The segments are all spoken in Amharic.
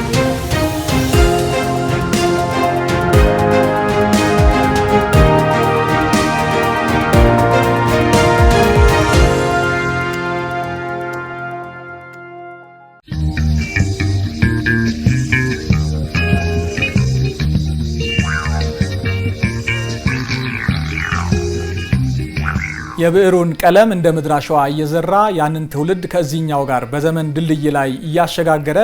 thank you የብዕሩን ቀለም እንደ ምድር አሸዋ እየዘራ ያንን ትውልድ ከዚህኛው ጋር በዘመን ድልድይ ላይ እያሸጋገረ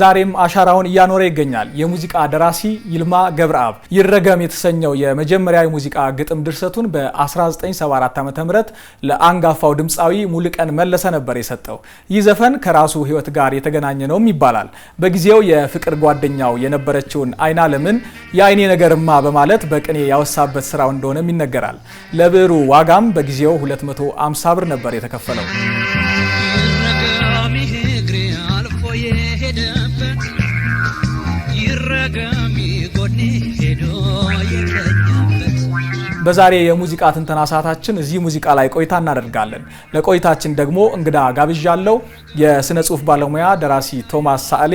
ዛሬም አሻራውን እያኖረ ይገኛል። የሙዚቃ ደራሲ ይልማ ገብረአብ ይረገም የተሰኘው የመጀመሪያ የሙዚቃ ግጥም ድርሰቱን በ1974 ዓ ም ለአንጋፋው ድምፃዊ ሙሉቀን መለሰ ነበር የሰጠው። ይህ ዘፈን ከራሱ ህይወት ጋር የተገናኘ ነውም ይባላል። በጊዜው የፍቅር ጓደኛው የነበረችውን አይና ለምን የአይኔ ነገርማ በማለት በቅኔ ያወሳበት ስራው እንደሆነም ይነገራል። ለብዕሩ ዋጋም በጊዜው ዋጋው 250 ብር ነበር የተከፈለው። በዛሬ የሙዚቃ ትንተና ሰዓታችን እዚህ ሙዚቃ ላይ ቆይታ እናደርጋለን። ለቆይታችን ደግሞ እንግዳ ጋብዣለሁ። የስነ ጽሁፍ ባለሙያ ደራሲ ቶማስ ሳዕሌ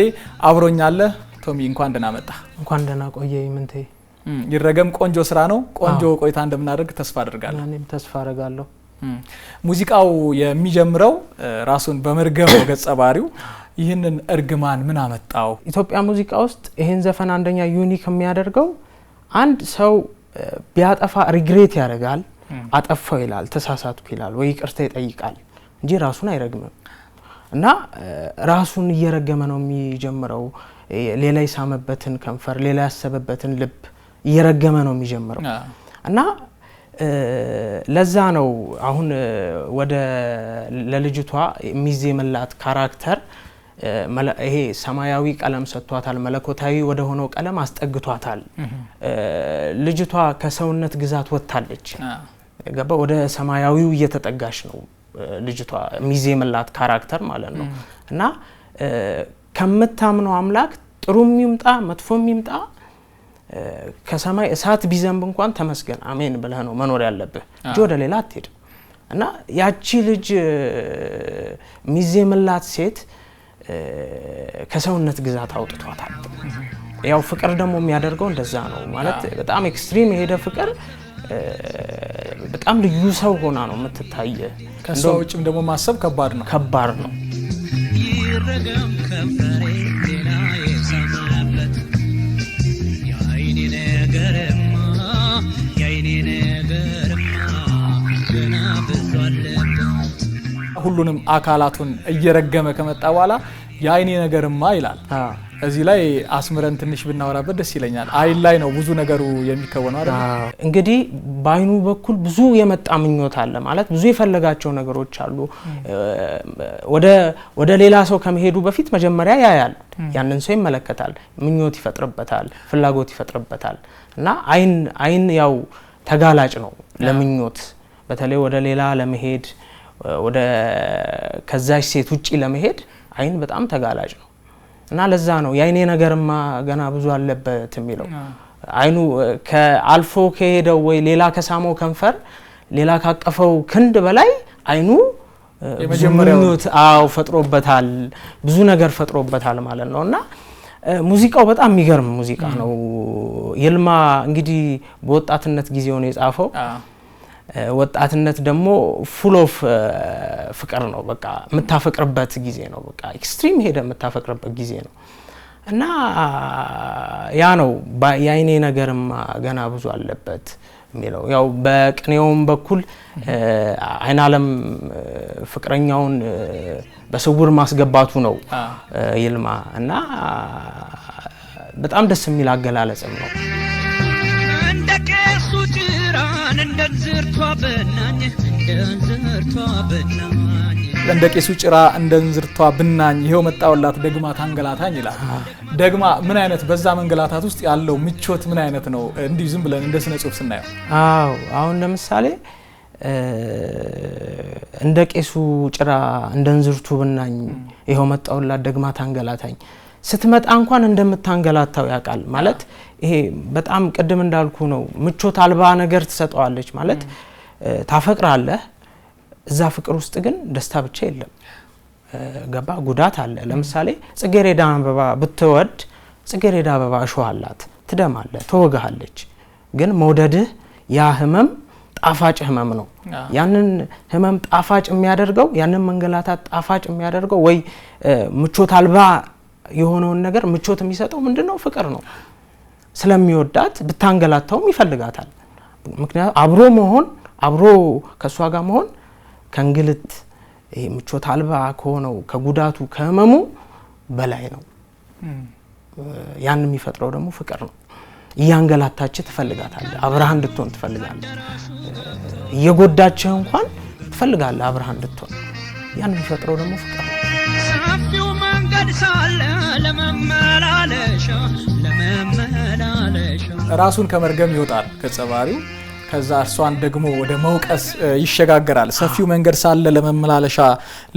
አብሮኛለህ። ቶሚ እንኳን ደህና መጣ። እንኳን ደህና ቆየ ምንቴ ይረገም ቆንጆ ስራ ነው። ቆንጆ ቆይታ እንደምናደርግ ተስፋ አድርጋለሁ። እኔም ተስፋ አድርጋለሁ። ሙዚቃው የሚጀምረው ራሱን በመርገም ገጸ ባህሪው። ይህንን እርግማን ምን አመጣው? ኢትዮጵያ ሙዚቃ ውስጥ ይህን ዘፈን አንደኛ ዩኒክ የሚያደርገው አንድ ሰው ቢያጠፋ ሪግሬት ያደርጋል። አጠፋው ይላል፣ ተሳሳትኩ ይላል፣ ወይ ይቅርታ ይጠይቃል እንጂ ራሱን አይረግምም። እና ራሱን እየረገመ ነው የሚጀምረው። ሌላ የሳመበትን ከንፈር፣ ሌላ ያሰበበትን ልብ እየረገመ ነው የሚጀምረው እና ለዛ ነው አሁን ወደ ለልጅቷ የሚዜምላት ካራክተር ይሄ ሰማያዊ ቀለም ሰጥቷታል። መለኮታዊ ወደ ሆነው ቀለም አስጠግቷታል። ልጅቷ ከሰውነት ግዛት ወጥታለች። ገባ ወደ ሰማያዊው እየተጠጋች ነው ልጅቷ የሚዜምላት ካራክተር ማለት ነው እና ከምታምነው አምላክ ጥሩ የሚምጣ መጥፎ የሚምጣ ከሰማይ እሳት ቢዘንብ እንኳን ተመስገን አሜን ብለህ ነው መኖር ያለብህ እንጂ ወደ ሌላ አትሄድ። እና ያቺ ልጅ ሚዜምላት ሴት ከሰውነት ግዛት አውጥቷታል። ያው ፍቅር ደግሞ የሚያደርገው እንደዛ ነው ማለት በጣም ኤክስትሪም የሄደ ፍቅር በጣም ልዩ ሰው ሆና ነው የምትታየ። ከእሷ ውጭም ደግሞ ማሰብ ከባድ ነው ከባድ ነው። ሁሉንም አካላቱን እየረገመ ከመጣ በኋላ የአይኔ ነገርማ ይላል። እዚህ ላይ አስምረን ትንሽ ብናወራበት ደስ ይለኛል። አይን ላይ ነው ብዙ ነገሩ የሚከወነው አይደል? እንግዲህ በአይኑ በኩል ብዙ የመጣ ምኞት አለ ማለት ብዙ የፈለጋቸው ነገሮች አሉ። ወደ ሌላ ሰው ከመሄዱ በፊት መጀመሪያ ያያል፣ ያንን ሰው ይመለከታል፣ ምኞት ይፈጥርበታል፣ ፍላጎት ይፈጥርበታል። እና አይን አይን ያው ተጋላጭ ነው ለምኞት በተለይ ወደ ሌላ ለመሄድ ወደ ከዛች ሴት ውጭ ለመሄድ አይን በጣም ተጋላጭ ነው እና ለዛ ነው የአይኔ ነገርማ ገና ብዙ አለበት የሚለው አይኑ ከአልፎ ከሄደው ወይ ሌላ ከሳመው ከንፈር ሌላ ካቀፈው ክንድ በላይ አይኑ ምኞት አው ፈጥሮበታል፣ ብዙ ነገር ፈጥሮበታል ማለት ነው። እና ሙዚቃው በጣም የሚገርም ሙዚቃ ነው። ይልማ እንግዲህ በወጣትነት ጊዜውን የጻፈው ወጣትነት ደግሞ ፉል ኦፍ ፍቅር ነው። በቃ የምታፈቅርበት ጊዜ ነው። በቃ ኤክስትሪም ሄደ የምታፈቅርበት ጊዜ ነው እና ያ ነው የአይኔ ነገርማ ገና ብዙ አለበት የሚለው ያው በቅኔውም በኩል አይን አለም ፍቅረኛውን በስውር ማስገባቱ ነው ይልማ እና በጣም ደስ የሚል አገላለጽም ነው። እንደ ቄሱ ጭራ እንደ እንዝርቷ ብናኝ ይሄው መጣውላት ደግማ ታንገላታኝ ይላል። ደግማ ምን አይነት በዛ መንገላታት ውስጥ ያለው ምቾት ምን አይነት ነው? እንዲህ ዝም ብለን እንደ ስነ ጽሁፍ ስናየው፣ አዎ አሁን ለምሳሌ እንደ ቄሱ ጭራ እንደ እንዝርቱ ብናኝ ይኸው መጣውላት ደግማ ታንገላታኝ ስትመጣ እንኳን እንደምታንገላታው ያውቃል። ማለት ይሄ በጣም ቅድም እንዳልኩ ነው። ምቾት አልባ ነገር ትሰጠዋለች ማለት ታፈቅራለህ። እዛ ፍቅር ውስጥ ግን ደስታ ብቻ የለም። ገባ ጉዳት አለ። ለምሳሌ ጽጌሬዳ አበባ ብትወድ ጽጌሬዳ አበባ እሾህ አላት። ትደማለህ፣ ትወግሃለች። ግን መውደድህ ያ ህመም ጣፋጭ ህመም ነው። ያንን ህመም ጣፋጭ የሚያደርገው ያንን መንገላታት ጣፋጭ የሚያደርገው ወይ ምቾት አልባ የሆነውን ነገር ምቾት የሚሰጠው ምንድን ነው? ፍቅር ነው። ስለሚወዳት ብታንገላታውም ይፈልጋታል። ምክንያቱ አብሮ መሆን አብሮ ከእሷ ጋር መሆን ከእንግልት ምቾት አልባ ከሆነው ከጉዳቱ ከህመሙ በላይ ነው። ያን የሚፈጥረው ደግሞ ፍቅር ነው። እያንገላታች ትፈልጋታለ፣ አብርሃ እንድትሆን ትፈልጋለ። እየጎዳችህ እንኳን ትፈልጋለ፣ አብርሃን እንድትሆን ያን የሚፈጥረው ደግሞ ፍቅር ራሱን ከመርገም ይወጣል ከጸባሪው። ከዛ እርሷን ደግሞ ወደ መውቀስ ይሸጋገራል። ሰፊው መንገድ ሳለ ለመመላለሻ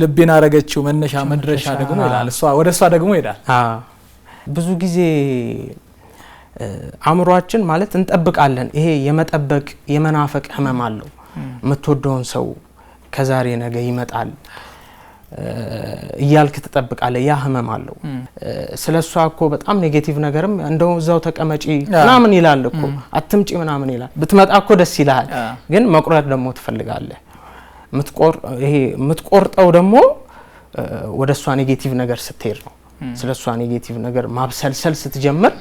ልቤን አረገችው መነሻ መድረሻ ደግሞ ይላል። እሷ ወደ እሷ ደግሞ ይሄዳል። ብዙ ጊዜ አእምሯችን ማለት እንጠብቃለን። ይሄ የመጠበቅ የመናፈቅ ህመም አለው። የምትወደውን ሰው ከዛሬ ነገ ይመጣል እያልክ ትጠብቃለህ። ያ ህመም አለው። ስለ እሷ እኮ በጣም ኔጌቲቭ ነገርም እንደው እዛው ተቀመጪ ምናምን ይላል እኮ አትምጪ ምናምን ይላል። ብትመጣ እኮ ደስ ይልሃል፣ ግን መቁረጥ ደግሞ ትፈልጋለህ። ይሄ የምትቆርጠው ደግሞ ወደ እሷ ኔጌቲቭ ነገር ስትሄድ ነው። ስለ እሷ ኔጌቲቭ ነገር ማብሰልሰል ስትጀምር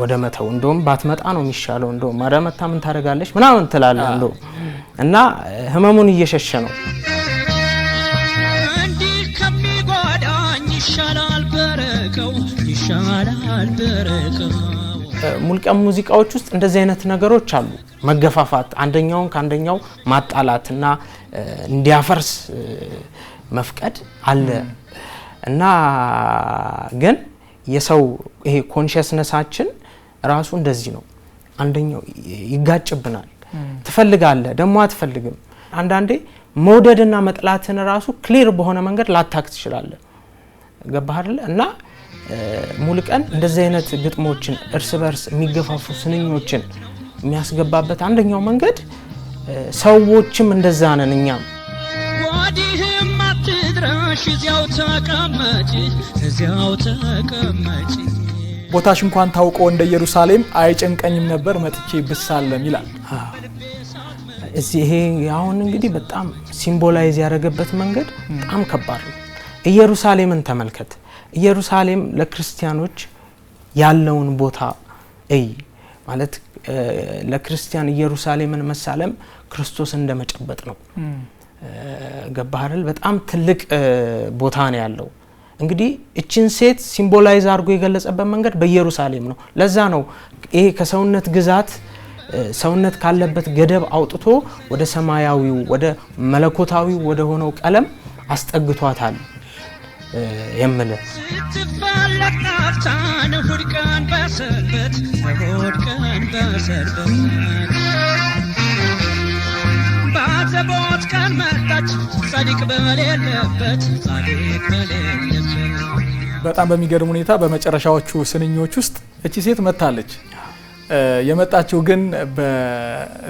ወደ መተው እንደውም ባትመጣ ነው የሚሻለው፣ እንደውም ኧረ መታ ምን ታደርጋለች ምናምን ትላለህ እንደውም እና ህመሙን እየሸሸ ነው ሙልቀም ሙዚቃዎች ውስጥ እንደዚህ አይነት ነገሮች አሉ። መገፋፋት፣ አንደኛውን ከአንደኛው ማጣላትና እንዲያፈርስ መፍቀድ አለ እና ግን የሰው ይሄ ኮንሽስነሳችን ራሱ እንደዚህ ነው። አንደኛው ይጋጭብናል። ትፈልጋለህ ደግሞ አትፈልግም። አንዳንዴ መውደድና መጥላትን ራሱ ክሊር በሆነ መንገድ ላታክ ትችላለህ። ገባህ አይደለ እና ሙሉ ቀን እንደዚህ አይነት ግጥሞችን እርስ በርስ የሚገፋፉ ስንኞችን የሚያስገባበት አንደኛው መንገድ ሰዎችም እንደዛ ነን። እኛም ወዲህም አትድረሽ እዚያው ተቀመጪ፣ እዚያው ተቀመጪ ቦታሽ እንኳን ታውቆ እንደ ኢየሩሳሌም አይጨንቀኝም ነበር መጥቼ ብሳለም ይላል። እዚህ ይሄ አሁን እንግዲህ በጣም ሲምቦላይዝ ያደረገበት መንገድ በጣም ከባድ ነው። ኢየሩሳሌምን ተመልከት። ኢየሩሳሌም ለክርስቲያኖች ያለውን ቦታ እይ ማለት ለክርስቲያን ኢየሩሳሌምን መሳለም ክርስቶስ እንደ መጨበጥ ነው። ገባህል በጣም ትልቅ ቦታ ነው ያለው። እንግዲህ እችን ሴት ሲምቦላይዝ አድርጎ የገለጸበት መንገድ በኢየሩሳሌም ነው። ለዛ ነው ይሄ ከሰውነት ግዛት ሰውነት ካለበት ገደብ አውጥቶ ወደ ሰማያዊው ወደ መለኮታዊው ወደ ሆነው ቀለም አስጠግቷታል። የምል ባዘቦት ቀን መጣች ጻድቅ በሌለበት ጻድቅ በሌለበት በጣም በሚገርም ሁኔታ በመጨረሻዎቹ ስንኞች ውስጥ እቺ ሴት መታለች። የመጣችው ግን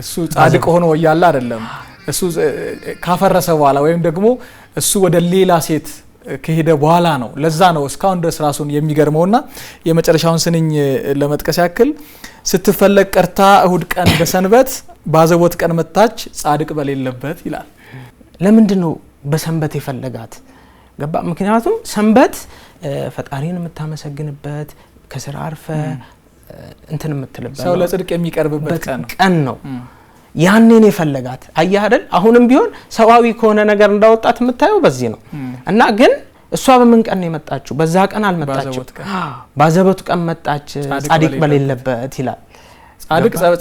እሱ ጻድቅ ሆኖ እያለ አይደለም። እሱ ካፈረሰ በኋላ ወይም ደግሞ እሱ ወደ ሌላ ሴት ከሄደ በኋላ ነው። ለዛ ነው እስካሁን ድረስ ራሱን የሚገርመውና የመጨረሻውን ስንኝ ለመጥቀስ ያክል ስትፈለግ ቀርታ እሁድ ቀን በሰንበት ባዘቦት ቀን መታች ጻድቅ በሌለበት ይላል። ለምንድን ነው በሰንበት የፈለጋት ገባ? ምክንያቱም ሰንበት ፈጣሪን የምታመሰግንበት ከስራ አርፈ እንትን የምትልበት ሰው ለጽድቅ የሚቀርብበት ቀን ነው። ያንን የፈለጋት አየህ አሁንም ቢሆን ሰዋዊ ከሆነ ነገር እንዳወጣት የምታየው በዚህ ነው። እና ግን እሷ በምን ቀን ነው የመጣችው? በዛ ቀን አልመጣችው ባዘበቱ ቀን መጣች፣ ጻድቅ በሌለበት ይላል።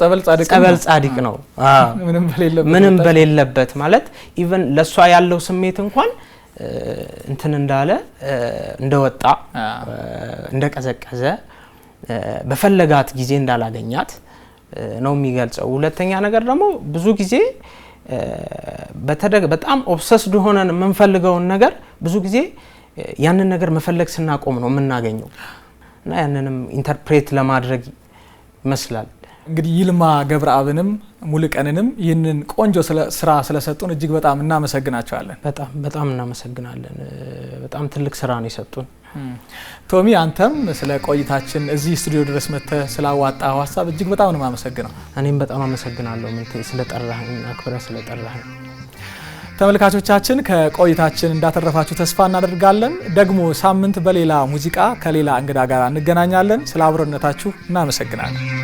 ጸበል ጻድቅ ነው ምንም በሌለበት ማለት ኢቨን ለእሷ ያለው ስሜት እንኳን እንትን እንዳለ እንደወጣ እንደቀዘቀዘ በፈለጋት ጊዜ እንዳላገኛት ነው የሚገልጸው። ሁለተኛ ነገር ደግሞ ብዙ ጊዜ በጣም ኦብሰስድ ሆነን የምንፈልገውን ነገር ብዙ ጊዜ ያንን ነገር መፈለግ ስናቆም ነው የምናገኘው እና ያንንም ኢንተርፕሬት ለማድረግ ይመስላል። እንግዲህ ይልማ ገብረአብንም ሙልቀንንም ይህንን ቆንጆ ስራ ስለሰጡን እጅግ በጣም እናመሰግናቸዋለን። በጣም በጣም እናመሰግናለን። በጣም ትልቅ ስራ ነው የሰጡን። ቶሚ አንተም ስለ ቆይታችን እዚህ ስቱዲዮ ድረስ መጥተህ ስላዋጣ ሀሳብ እጅግ በጣም ነው የማመሰግነው። እኔም በጣም አመሰግናለሁ ምንቴ ስለጠራህኝ፣ አክብረህ ስለጠራህኝ። ተመልካቾቻችን ከቆይታችን እንዳተረፋችሁ ተስፋ እናደርጋለን። ደግሞ ሳምንት በሌላ ሙዚቃ ከሌላ እንግዳ ጋር እንገናኛለን። ስለ አብሮነታችሁ እናመሰግናለን።